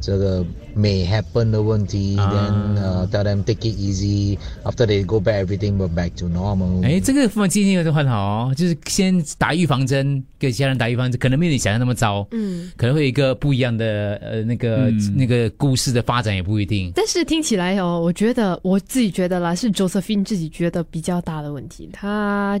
這、so、個 may happen 的問題 uh,，then uh, tell them take it easy。after they go back，everything but back to normal 哎。哎、嗯、這個方法其實有得換好，就是先打預防針，跟其他人打預防針，可能沒你想象那麼糟。嗯，可能會有一個不一樣的，誒、呃，那個、嗯、那個故事的發展也不一定。但是聽起來哦，我覺得我自己覺得啦，是 Josephine 自己覺得比較大的問題，他。